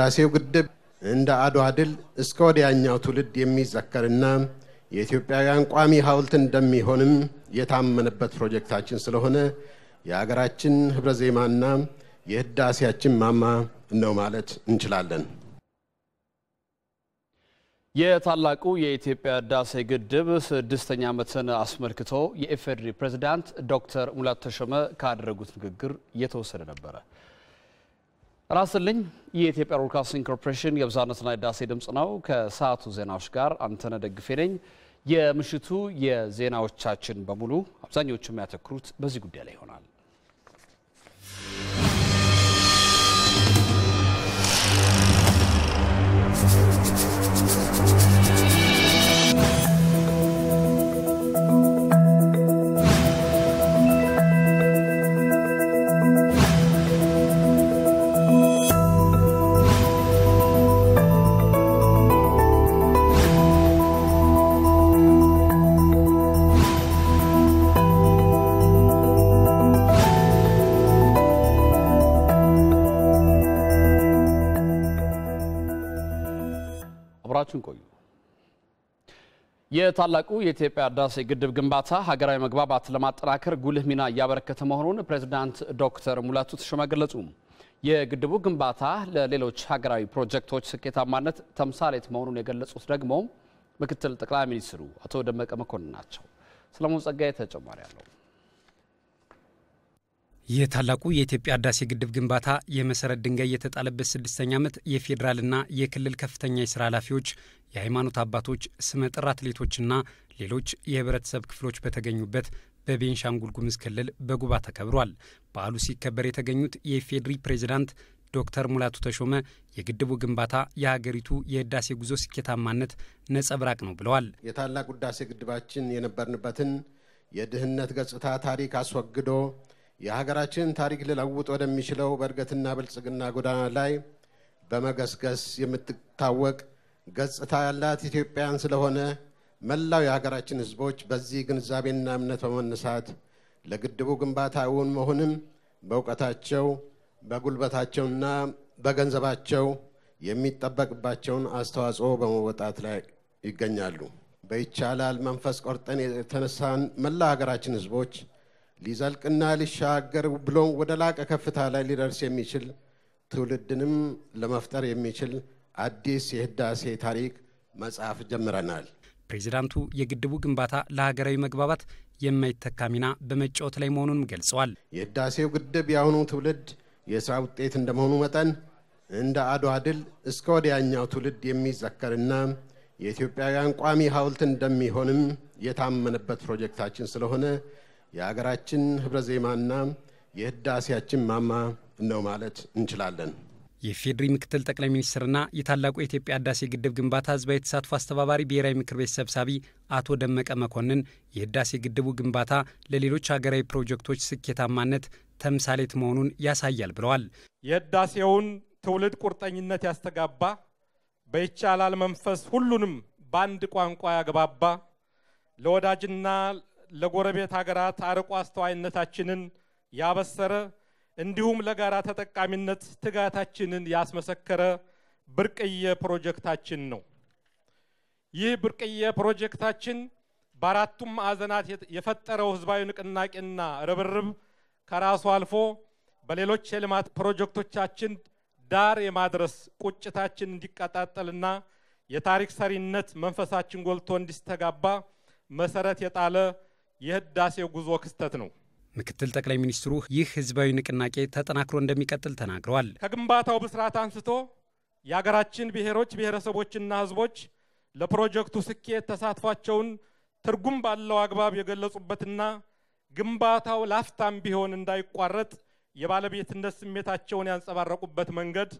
የህዳሴው ግድብ እንደ አድዋ ድል እስከ ወዲያኛው ትውልድ የሚዘከርና የኢትዮጵያውያን ቋሚ ሐውልት እንደሚሆንም የታመነበት ፕሮጀክታችን ስለሆነ የሀገራችን ህብረ ዜማና የህዳሴያችን ማማ ነው ማለት እንችላለን። የታላቁ የኢትዮጵያ ህዳሴ ግድብ ስድስተኛ ዓመትን አስመልክቶ የኢፌዴሪ ፕሬዝዳንት ዶክተር ሙላቱ ተሾመ ካደረጉት ንግግር የተወሰደ ነበረ። ራስልኝ የኢትዮጵያ ብሮድካስቲንግ ኮርፖሬሽን የብዛነትና የዳሴ ድምፅ ነው። ከሰዓቱ ዜናዎች ጋር አንተነ ደግፌ ነኝ። የምሽቱ የዜናዎቻችን በሙሉ አብዛኞቹ የሚያተክሩት በዚህ ጉዳይ ላይ ይሆናል። አብራችን ቆዩ። የታላቁ የኢትዮጵያ ህዳሴ ግድብ ግንባታ ሀገራዊ መግባባት ለማጠናከር ጉልህ ሚና እያበረከተ መሆኑን ፕሬዚዳንት ዶክተር ሙላቱ ተሾመ ገለጹ። የግድቡ ግንባታ ለሌሎች ሀገራዊ ፕሮጀክቶች ስኬታማነት ተምሳሌት መሆኑን የገለጹት ደግሞ ምክትል ጠቅላይ ሚኒስትሩ አቶ ደመቀ መኮንን ናቸው። ሰለሞን ጸጋዬ ተጨማሪ አለው። ይህ ታላቁ የኢትዮጵያ ህዳሴ ግድብ ግንባታ የመሰረት ድንጋይ የተጣለበት ስድስተኛ ዓመት የፌዴራልና የክልል ከፍተኛ የስራ ኃላፊዎች፣ የሃይማኖት አባቶች፣ ስመጥር አትሌቶችና ሌሎች የህብረተሰብ ክፍሎች በተገኙበት በቤንሻንጉል ጉምዝ ክልል በጉባ ተከብሯል። በዓሉ ሲከበር የተገኙት የኢፌዴሪ ፕሬዚዳንት ዶክተር ሙላቱ ተሾመ የግድቡ ግንባታ የሀገሪቱ የህዳሴ ጉዞ ስኬታማነት ነጸብራቅ ነው ብለዋል። የታላቁ ህዳሴ ግድባችን የነበርንበትን የድህነት ገጽታ ታሪክ አስወግዶ የሀገራችን ታሪክ ልለውጥ ወደሚችለው በእድገትና ብልጽግና ጎዳና ላይ በመገስገስ የምትታወቅ ገጽታ ያላት ኢትዮጵያን ስለሆነ መላው የሀገራችን ሕዝቦች በዚህ ግንዛቤና እምነት በመነሳት ለግድቡ ግንባታ እውን መሆንም በእውቀታቸው በጉልበታቸውና በገንዘባቸው የሚጠበቅባቸውን አስተዋጽኦ በመወጣት ላይ ይገኛሉ። በይቻላል መንፈስ ቆርጠን የተነሳን መላ ሀገራችን ህዝቦች። ሊዘልቅና ሊሻገር ብሎም ወደ ላቀ ከፍታ ላይ ሊደርስ የሚችል ትውልድንም ለመፍጠር የሚችል አዲስ የህዳሴ ታሪክ መጽሐፍ ጀምረናል። ፕሬዚዳንቱ የግድቡ ግንባታ ለሀገራዊ መግባባት የማይተካ ሚና በመጫወት ላይ መሆኑንም ገልጸዋል። የህዳሴው ግድብ የአሁኑ ትውልድ የስራ ውጤት እንደመሆኑ መጠን እንደ አድዋ ድል እስከ ወዲያኛው ትውልድ የሚዘከርና የኢትዮጵያውያን ቋሚ ሐውልት እንደሚሆንም የታመነበት ፕሮጀክታችን ስለሆነ የሀገራችን ህብረ ዜማና የህዳሴያችን ማማ ነው ማለት እንችላለን። የፌዴሪ ምክትል ጠቅላይ ሚኒስትርና የታላቁ የኢትዮጵያ ህዳሴ ግድብ ግንባታ ህዝባዊ የተሳትፎ አስተባባሪ ብሔራዊ ምክር ቤት ሰብሳቢ አቶ ደመቀ መኮንን የህዳሴ ግድቡ ግንባታ ለሌሎች ሀገራዊ ፕሮጀክቶች ስኬታማነት ተምሳሌት መሆኑን ያሳያል ብለዋል። የህዳሴውን ትውልድ ቁርጠኝነት ያስተጋባ፣ በይቻላል መንፈስ ሁሉንም በአንድ ቋንቋ ያገባባ፣ ለወዳጅና ለጎረቤት ሀገራት አርቆ አስተዋይነታችንን ያበሰረ እንዲሁም ለጋራ ተጠቃሚነት ትጋታችንን ያስመሰከረ ብርቅዬ ፕሮጀክታችን ነው። ይህ ብርቅዬ ፕሮጀክታችን በአራቱም ማዕዘናት የፈጠረው ህዝባዊ ንቅናቄና ርብርብ ከራሱ አልፎ በሌሎች የልማት ፕሮጀክቶቻችን ዳር የማድረስ ቁጭታችን እንዲቀጣጠልና የታሪክ ሰሪነት መንፈሳችን ጎልቶ እንዲስተጋባ መሰረት የጣለ የህዳሴው ጉዞ ክስተት ነው። ምክትል ጠቅላይ ሚኒስትሩ ይህ ህዝባዊ ንቅናቄ ተጠናክሮ እንደሚቀጥል ተናግረዋል። ከግንባታው ብስራት አንስቶ የሀገራችን ብሔሮች ብሔረሰቦችና ህዝቦች ለፕሮጀክቱ ስኬት ተሳትፏቸውን ትርጉም ባለው አግባብ የገለጹበትና ግንባታው ላፍታም ቢሆን እንዳይቋረጥ የባለቤትነት ስሜታቸውን ያንጸባረቁበት መንገድ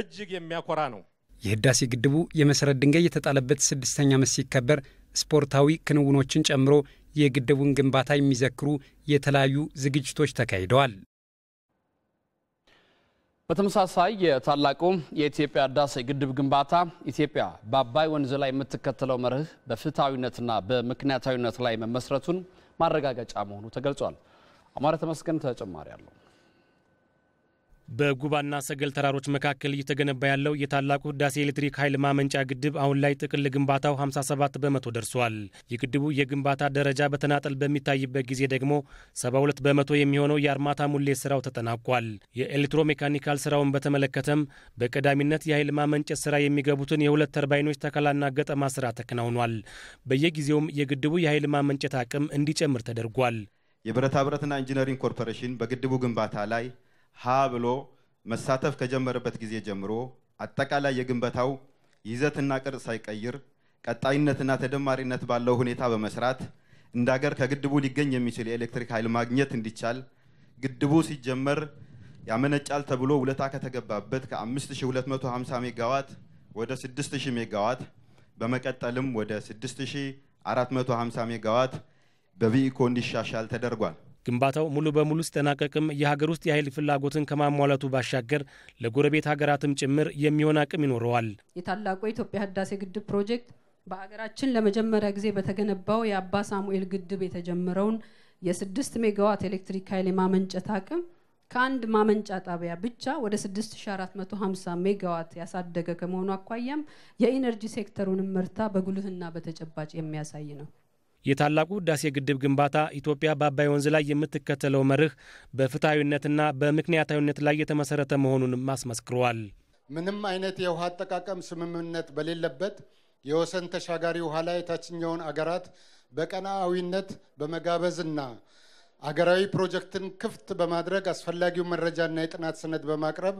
እጅግ የሚያኮራ ነው። የህዳሴ ግድቡ የመሰረት ድንጋይ የተጣለበት ስድስተኛ ዓመት ሲከበር ስፖርታዊ ክንውኖችን ጨምሮ የግድቡን ግንባታ የሚዘክሩ የተለያዩ ዝግጅቶች ተካሂደዋል። በተመሳሳይ የታላቁ የኢትዮጵያ ህዳሴ ግድብ ግንባታ ኢትዮጵያ በአባይ ወንዝ ላይ የምትከተለው መርህ በፍትሐዊነትና በምክንያታዊነት ላይ መመስረቱን ማረጋገጫ መሆኑ ተገልጿል። አማረ ተመስገን ተጨማሪ አለው። በጉባና ሰገል ተራሮች መካከል እየተገነባ ያለው የታላቁ ህዳሴ ኤሌክትሪክ ኃይል ማመንጫ ግድብ አሁን ላይ ጥቅል ግንባታው 57 በመቶ ደርሷል። የግድቡ የግንባታ ደረጃ በተናጠል በሚታይበት ጊዜ ደግሞ 72 በመቶ የሚሆነው የአርማታ ሙሌት ስራው ተጠናቋል። የኤሌክትሮሜካኒካል ሜካኒካል ስራውን በተመለከተም በቀዳሚነት የኃይል ማመንጨት ስራ የሚገቡትን የሁለት ተርባይኖች ተከላና ገጠማ ስራ ተከናውኗል። በየጊዜውም የግድቡ የኃይል ማመንጨት አቅም እንዲጨምር ተደርጓል። የብረታ ብረትና ኢንጂነሪንግ ኮርፖሬሽን በግድቡ ግንባታ ላይ ሀ ብሎ መሳተፍ ከጀመረበት ጊዜ ጀምሮ አጠቃላይ የግንበታው ይዘትና ቅርጽ ሳይቀይር ቀጣይነትና ተደማሪነት ባለው ሁኔታ በመስራት እንደ ሀገር ከግድቡ ሊገኝ የሚችል የኤሌክትሪክ ኃይል ማግኘት እንዲቻል ግድቡ ሲጀመር ያመነጫል ተብሎ ውለታ ከተገባበት ከ5250 ሜጋዋት ወደ 6000 ሜጋዋት በመቀጠልም ወደ 6450 ሜጋዋት በቪኢኮ እንዲሻሻል ተደርጓል። ግንባታው ሙሉ በሙሉ ሲጠናቀቅም የሀገር ውስጥ የኃይል ፍላጎትን ከማሟላቱ ባሻገር ለጎረቤት ሀገራትም ጭምር የሚሆን አቅም ይኖረዋል። የታላቁ የኢትዮጵያ ህዳሴ ግድብ ፕሮጀክት በሀገራችን ለመጀመሪያ ጊዜ በተገነባው የአባ ሳሙኤል ግድብ የተጀመረውን የስድስት ሜጋዋት ኤሌክትሪክ ኃይል የማመንጨት አቅም ከአንድ ማመንጫ ጣቢያ ብቻ ወደ 6450 ሜጋዋት ያሳደገ ከመሆኑ አኳያም የኢነርጂ ሴክተሩን ምርታ በጉልህና በተጨባጭ የሚያሳይ ነው። የታላቁ ህዳሴ ግድብ ግንባታ ኢትዮጵያ በአባይ ወንዝ ላይ የምትከተለው መርህ በፍትሐዊነትና በምክንያታዊነት ላይ የተመሰረተ መሆኑንም አስመስክረዋል። ምንም አይነት የውሃ አጠቃቀም ስምምነት በሌለበት የወሰን ተሻጋሪ ውሃ ላይ የታችኛውን አገራት በቀናአዊነት በመጋበዝና አገራዊ ፕሮጀክትን ክፍት በማድረግ አስፈላጊው መረጃና የጥናት ሰነድ በማቅረብ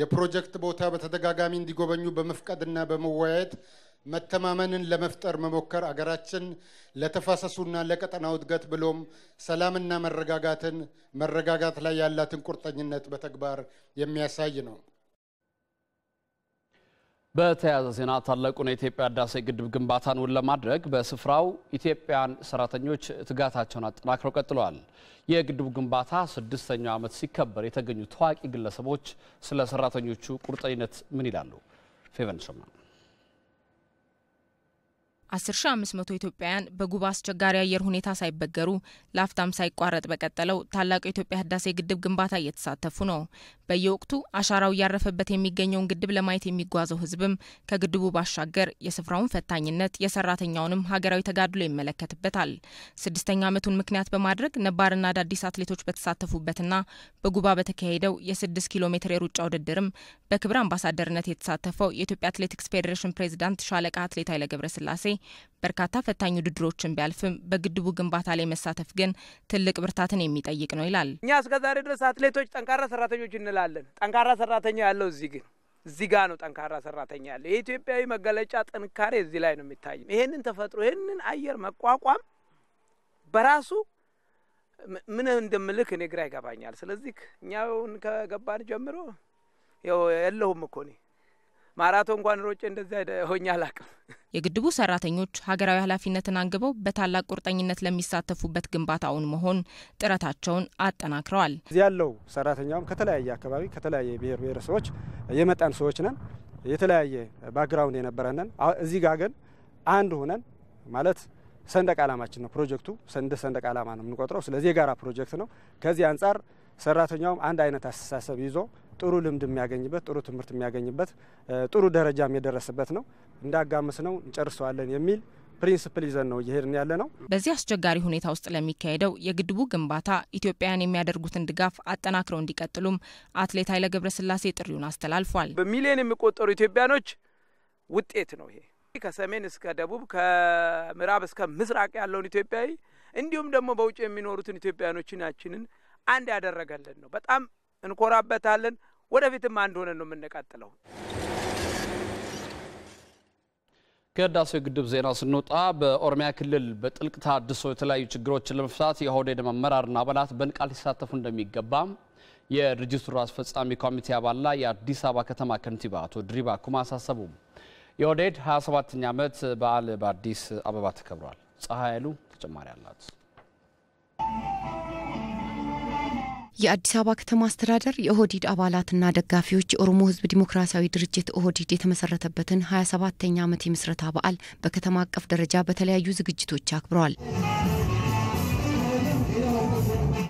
የፕሮጀክት ቦታ በተደጋጋሚ እንዲጎበኙ በመፍቀድና በመወያየት መተማመንን ለመፍጠር መሞከር አገራችን ለተፋሰሱና ለቀጠናው እድገት ብሎም ሰላምና መረጋጋትን መረጋጋት ላይ ያላትን ቁርጠኝነት በተግባር የሚያሳይ ነው። በተያያዘ ዜና ታላቁን የኢትዮጵያ ህዳሴ ግድብ ግንባታን ውን ለማድረግ በስፍራው ኢትዮጵያን ሰራተኞች ትጋታቸውን አጠናክረው ቀጥለዋል። የግድቡ ግንባታ ስድስተኛው ዓመት ሲከበር የተገኙ ታዋቂ ግለሰቦች ስለ ሰራተኞቹ ቁርጠኝነት ምን ይላሉ? ፌቨን አስር ሺ አምስት መቶ ኢትዮጵያውያን በጉባ አስቸጋሪ አየር ሁኔታ ሳይበገሩ ለአፍታም ሳይቋረጥ በቀጠለው ታላቁ የኢትዮጵያ ህዳሴ ግድብ ግንባታ እየተሳተፉ ነው። በየወቅቱ አሻራው እያረፈበት የሚገኘውን ግድብ ለማየት የሚጓዘው ህዝብም ከግድቡ ባሻገር የስፍራውን ፈታኝነት የሰራተኛውንም ሀገራዊ ተጋድሎ ይመለከትበታል። ስድስተኛ ዓመቱን ምክንያት በማድረግ ነባርና አዳዲስ አትሌቶች በተሳተፉበትና በጉባ በተካሄደው የስድስት ኪሎ ሜትር የሩጫ ውድድርም በክብር አምባሳደርነት የተሳተፈው የኢትዮጵያ አትሌቲክስ ፌዴሬሽን ፕሬዚዳንት ሻለቃ አትሌት ኃይለ ገብረስላሴ በርካታ ፈታኝ ውድድሮችን ቢያልፍም በግድቡ ግንባታ ላይ መሳተፍ ግን ትልቅ ብርታትን የሚጠይቅ ነው ይላል። እኛ ዛሬ ድረስ አትሌቶች ጠንካራ ሰራተኞች እንላለን። ጠንካራ ሰራተኛ ያለው እዚህ ግን እዚህ ጋ ነው ጠንካራ ሰራተኛ ያለ። የኢትዮጵያዊ መገለጫ ጥንካሬ እዚህ ላይ ነው የሚታይ። ይህንን ተፈጥሮ ይህንን አየር መቋቋም በራሱ ምን እንደምልክ እኔ ግራ ይገባኛል። ስለዚህ እኛውን ከገባን ጀምሮ የለሁም እኮ እኔ ማራቶ እንኳን ሮጬ እንደዛ ሆኜ አላቅም። የግድቡ ሰራተኞች ሀገራዊ ኃላፊነትን አንግበው በታላቅ ቁርጠኝነት ለሚሳተፉበት ግንባታውን መሆን ጥረታቸውን አጠናክረዋል። እዚህ ያለው ሰራተኛውም ከተለያየ አካባቢ ከተለያየ ብሔር ብሔረሰቦች የመጣን ሰዎች ነን። የተለያየ ባክግራውንድ የነበረንን እዚህ ጋር ግን አንድ ሆነን ማለት ሰንደቅ ዓላማችን ነው። ፕሮጀክቱ እንደ ሰንደቅ ዓላማ ነው የምንቆጥረው። ስለዚህ የጋራ ፕሮጀክት ነው። ከዚህ አንጻር ሰራተኛውም አንድ አይነት አስተሳሰብ ይዞ ጥሩ ልምድ የሚያገኝበት ጥሩ ትምህርት የሚያገኝበት ጥሩ ደረጃም የደረስበት ነው። እንዳጋምስ ነው እንጨርሰዋለን የሚል ፕሪንስፕል ይዘን ነው እየሄድን ያለ ነው። በዚህ አስቸጋሪ ሁኔታ ውስጥ ለሚካሄደው የግድቡ ግንባታ ኢትዮጵያውያን የሚያደርጉትን ድጋፍ አጠናክረው እንዲቀጥሉም አትሌት ኃይለ ገብረስላሴ ጥሪውን አስተላልፏል። በሚሊዮን የሚቆጠሩ ኢትዮጵያኖች ውጤት ነው ይሄ። ከሰሜን እስከ ደቡብ ከምዕራብ እስከ ምስራቅ ያለውን ኢትዮጵያዊ እንዲሁም ደግሞ በውጭ የሚኖሩትን ኢትዮጵያኖችናችንን አንድ ያደረገልን ነው። በጣም እንኮራበታለን። ወደፊትም አንድ ሆነን ነው የምንቀጥለው። ከህዳሴው ግድብ ዜና ስንወጣ በኦሮሚያ ክልል በጥልቅ ተሃድሶ የተለያዩ ችግሮችን ለመፍታት የኦህዴድ አመራርና አባላት በንቃት ሊሳተፉ እንደሚገባ የድርጅቱ አስፈጻሚ ኮሚቴ አባልና የአዲስ አበባ ከተማ ከንቲባ አቶ ድሪባ ኩማ አሳሰቡ። የኦህዴድ 27ኛ ዓመት በዓል በአዲስ አበባ ተከብሯል። ፀሐይ ኃይሉ ተጨማሪ አላት። የአዲስ አበባ ከተማ አስተዳደር የኦህዲድ አባላትና ደጋፊዎች የኦሮሞ ህዝብ ዲሞክራሲያዊ ድርጅት ኦህዲድ የተመሰረተበትን 27 ተኛ ዓመት የምስረታ በዓል በከተማ አቀፍ ደረጃ በተለያዩ ዝግጅቶች አክብረዋል።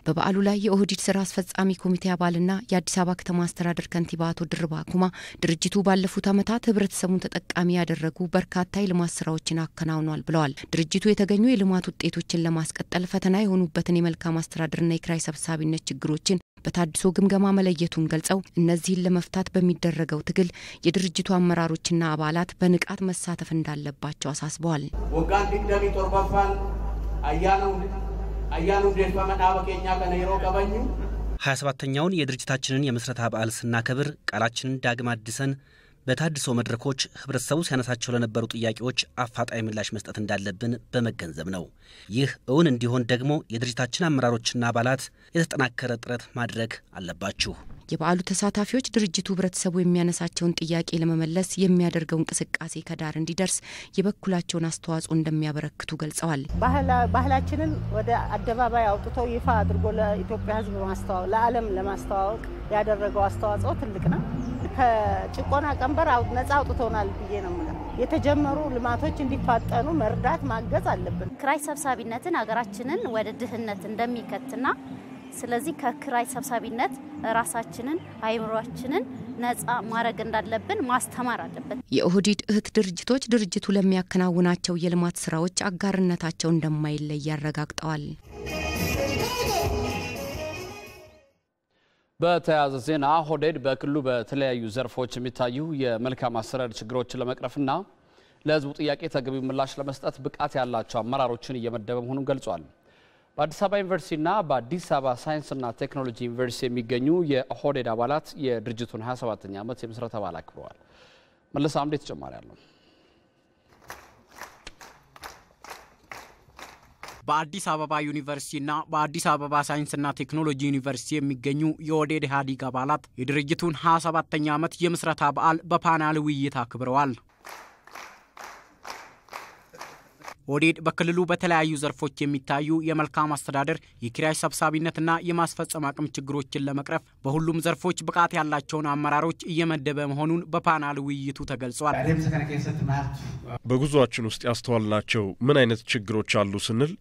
በበዓሉ ላይ የኦህዲድ ስራ አስፈጻሚ ኮሚቴ አባልና የአዲስ አበባ ከተማ አስተዳደር ከንቲባ አቶ ድርባ ኩማ ድርጅቱ ባለፉት ዓመታት ህብረተሰቡን ተጠቃሚ ያደረጉ በርካታ የልማት ስራዎችን አከናውኗል ብለዋል። ድርጅቱ የተገኙ የልማት ውጤቶችን ለማስቀጠል ፈተና የሆኑበትን የመልካም አስተዳደርና የክራይ ሰብሳቢነት ችግሮችን በታድሶ ግምገማ መለየቱን ገልጸው እነዚህን ለመፍታት በሚደረገው ትግል የድርጅቱ አመራሮችና አባላት በንቃት መሳተፍ እንዳለባቸው አሳስበዋል። አያኑ ሁንዴፋመ ዳባ ኬኛ ከነ ቀበኙ ሀያ ሰባተኛውን የድርጅታችንን የምስረታ በዓል ስናከብር ቃላችንን ዳግም አድሰን በታድሶ መድረኮች ህብረተሰቡ ሲያነሳቸው ለነበሩ ጥያቄዎች አፋጣኝ ምላሽ መስጠት እንዳለብን በመገንዘብ ነው። ይህ እውን እንዲሆን ደግሞ የድርጅታችን አመራሮችና አባላት የተጠናከረ ጥረት ማድረግ አለባችሁ። የበዓሉ ተሳታፊዎች ድርጅቱ ህብረተሰቡ የሚያነሳቸውን ጥያቄ ለመመለስ የሚያደርገው እንቅስቃሴ ከዳር እንዲደርስ የበኩላቸውን አስተዋጽኦ እንደሚያበረክቱ ገልጸዋል። ባህላችንን ወደ አደባባይ አውጥቶ ይፋ አድርጎ ለኢትዮጵያ ህዝብ ማስተዋወቅ፣ ለዓለም ለማስተዋወቅ ያደረገው አስተዋጽኦ ትልቅ ነው። ከጭቆና ቀንበር ነጻ አውጥቶናል ብዬ ነው የምለው። የተጀመሩ ልማቶች እንዲፋጠኑ መርዳት ማገዝ አለብን። ክራይ ሰብሳቢነትን ሀገራችንን ወደ ድህነት እንደሚከትና ስለዚህ ከክራይ ሰብሳቢነት ራሳችንን አይምሯችንን ነጻ ማድረግ እንዳለብን ማስተማር አለብን። የኦህዲድ እህት ድርጅቶች ድርጅቱ ለሚያከናውናቸው የልማት ስራዎች አጋርነታቸው እንደማይለይ ያረጋግጠዋል። በተያያዘ ዜና ኦህዴድ በክልሉ በተለያዩ ዘርፎች የሚታዩ የመልካም አሰራር ችግሮችን ለመቅረፍና ለህዝቡ ጥያቄ ተገቢ ምላሽ ለመስጠት ብቃት ያላቸው አመራሮችን እየመደበ መሆኑን ገልጿል። በአዲስ አበባ ዩኒቨርሲቲና በአዲስ አበባ ሳይንስና ቴክኖሎጂ ዩኒቨርሲቲ የሚገኙ የኦህዴድ አባላት የድርጅቱን 27ኛ ዓመት የምስረት አባል አክብረዋል። መለስ አምዴ ተጨማሪ አለው። በአዲስ አበባ ዩኒቨርሲቲና በአዲስ አበባ ሳይንስና ቴክኖሎጂ ዩኒቨርሲቲ የሚገኙ የኦህዴድ ኢህአዴግ አባላት የድርጅቱን 27ኛ ዓመት የምስረታ በዓል በፓናል ውይይት አክብረዋል። ወዴድ በክልሉ በተለያዩ ዘርፎች የሚታዩ የመልካም አስተዳደር የኪራይ ሰብሳቢነትና የማስፈጸም አቅም ችግሮችን ለመቅረፍ በሁሉም ዘርፎች ብቃት ያላቸውን አመራሮች እየመደበ መሆኑን በፓናል ውይይቱ ተገልጿል። በጉዟችን ውስጥ ያስተዋልናቸው ምን አይነት ችግሮች አሉ ስንል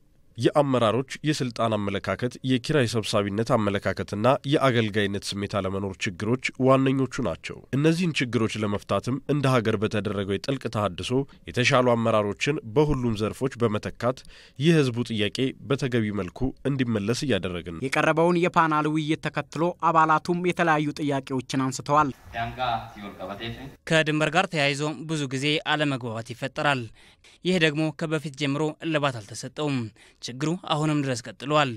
የአመራሮች የስልጣን አመለካከት፣ የኪራይ ሰብሳቢነት አመለካከትና የአገልጋይነት ስሜት አለመኖር ችግሮች ዋነኞቹ ናቸው። እነዚህን ችግሮች ለመፍታትም እንደ ሀገር በተደረገው የጥልቅ ተሃድሶ የተሻሉ አመራሮችን በሁሉም ዘርፎች በመተካት የህዝቡ ጥያቄ በተገቢ መልኩ እንዲመለስ እያደረግን የቀረበውን የፓናል ውይይት ተከትሎ አባላቱም የተለያዩ ጥያቄዎችን አንስተዋል። ከድንበር ጋር ተያይዞ ብዙ ጊዜ አለመግባባት ይፈጠራል። ይህ ደግሞ ከበፊት ጀምሮ እልባት አልተሰጠውም። ችግሩ አሁንም ድረስ ቀጥሏል።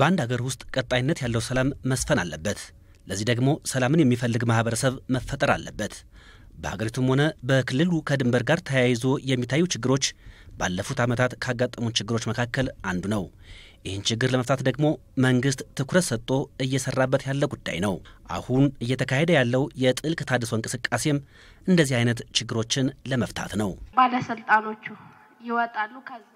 በአንድ አገር ውስጥ ቀጣይነት ያለው ሰላም መስፈን አለበት። ለዚህ ደግሞ ሰላምን የሚፈልግ ማህበረሰብ መፈጠር አለበት። በሀገሪቱም ሆነ በክልሉ ከድንበር ጋር ተያይዞ የሚታዩ ችግሮች ባለፉት ዓመታት ካጋጠሙ ችግሮች መካከል አንዱ ነው። ይህን ችግር ለመፍታት ደግሞ መንግስት ትኩረት ሰጥቶ እየሰራበት ያለ ጉዳይ ነው። አሁን እየተካሄደ ያለው የጥልቅ ታድሶ እንቅስቃሴም እንደዚህ አይነት ችግሮችን ለመፍታት ነው። ባለስልጣኖቹ ይወጣሉ፣ ከዛ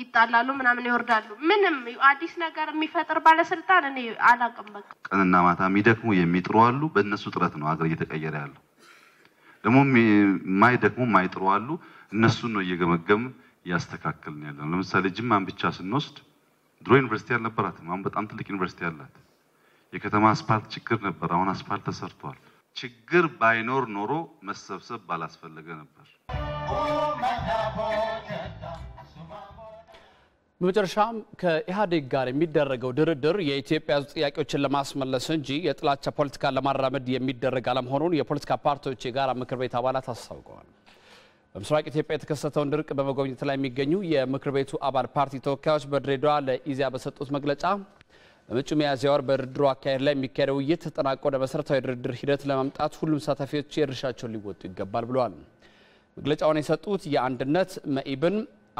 ይጣላሉ፣ ምናምን ይወርዳሉ። ምንም አዲስ ነገር የሚፈጥር ባለስልጣን እኔ አላቅም። በቃ ቀንና ማታ የሚደክሙ የሚጥሩ አሉ። በእነሱ ጥረት ነው አገር እየተቀየረ ያለው። ደግሞ የማይደክሙ የማይጥሩ አሉ። እነሱን ነው እየገመገም እያስተካከልን ያለ ነው። ለምሳሌ ጅማን ብቻ ስንወስድ ድሮ ዩኒቨርሲቲ አልነበራትም። አሁን በጣም ትልቅ ዩኒቨርሲቲ አላት። የከተማ አስፓልት ችግር ነበር። አሁን አስፓልት ተሰርቷል። ችግር ባይኖር ኖሮ መሰብሰብ ባላስፈለገ ነበር። በመጨረሻም ከኢህአዴግ ጋር የሚደረገው ድርድር የኢትዮጵያ ሕዝብ ጥያቄዎችን ለማስመለስ እንጂ የጥላቻ ፖለቲካን ለማራመድ የሚደረግ አለመሆኑን የፖለቲካ ፓርቲዎች የጋራ ምክር ቤት አባላት አስታውቀዋል። በምስራቅ ኢትዮጵያ የተከሰተውን ድርቅ በመጎብኘት ላይ የሚገኙ የምክር ቤቱ አባል ፓርቲ ተወካዮች በድሬዳዋ ለኢዜአ በሰጡት መግለጫ በመጪው ሚያዝያ ወር በድርድሩ አካሄድ ላይ የሚካሄደው ውይይት ተጠናቆ ወደ መሰረታዊ ድርድር ሂደት ለማምጣት ሁሉም ተሳታፊዎች የድርሻቸውን ሊወጡ ይገባል ብለዋል። መግለጫውን የሰጡት የአንድነት መኢብን፣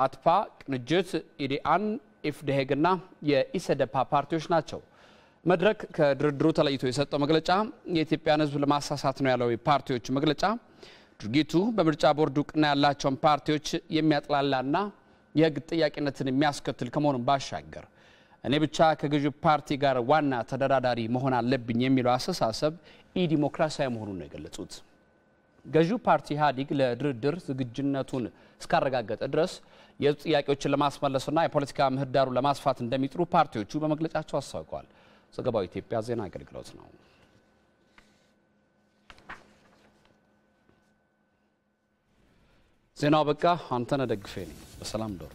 አትፓ፣ ቅንጅት፣ ኢዲአን፣ ኢፍደሄግና የኢሰደፓ ፓርቲዎች ናቸው። መድረክ ከድርድሩ ተለይቶ የሰጠው መግለጫ የኢትዮጵያን ሕዝብ ለማሳሳት ነው ያለው የፓርቲዎቹ መግለጫ ድርጊቱ በምርጫ ቦርድ እውቅና ያላቸውን ፓርቲዎች የሚያጥላላና የህግ ጥያቄነትን የሚያስከትል ከመሆኑም ባሻገር እኔ ብቻ ከገዢ ፓርቲ ጋር ዋና ተደራዳሪ መሆን አለብኝ የሚለው አስተሳሰብ ኢዲሞክራሲያዊ መሆኑን ነው የገለጹት። ገዢው ፓርቲ ኢህአዲግ ለድርድር ዝግጁነቱን እስካረጋገጠ ድረስ የህዝብ ጥያቄዎችን ለማስመለስና የፖለቲካ ምህዳሩን ለማስፋት እንደሚጥሩ ፓርቲዎቹ በመግለጫቸው አስታውቀዋል። ዘገባው የኢትዮጵያ ዜና አገልግሎት ነው። ዜናው በቃ አንተነህ ደግፌ ነኝ። በሰላም ዶር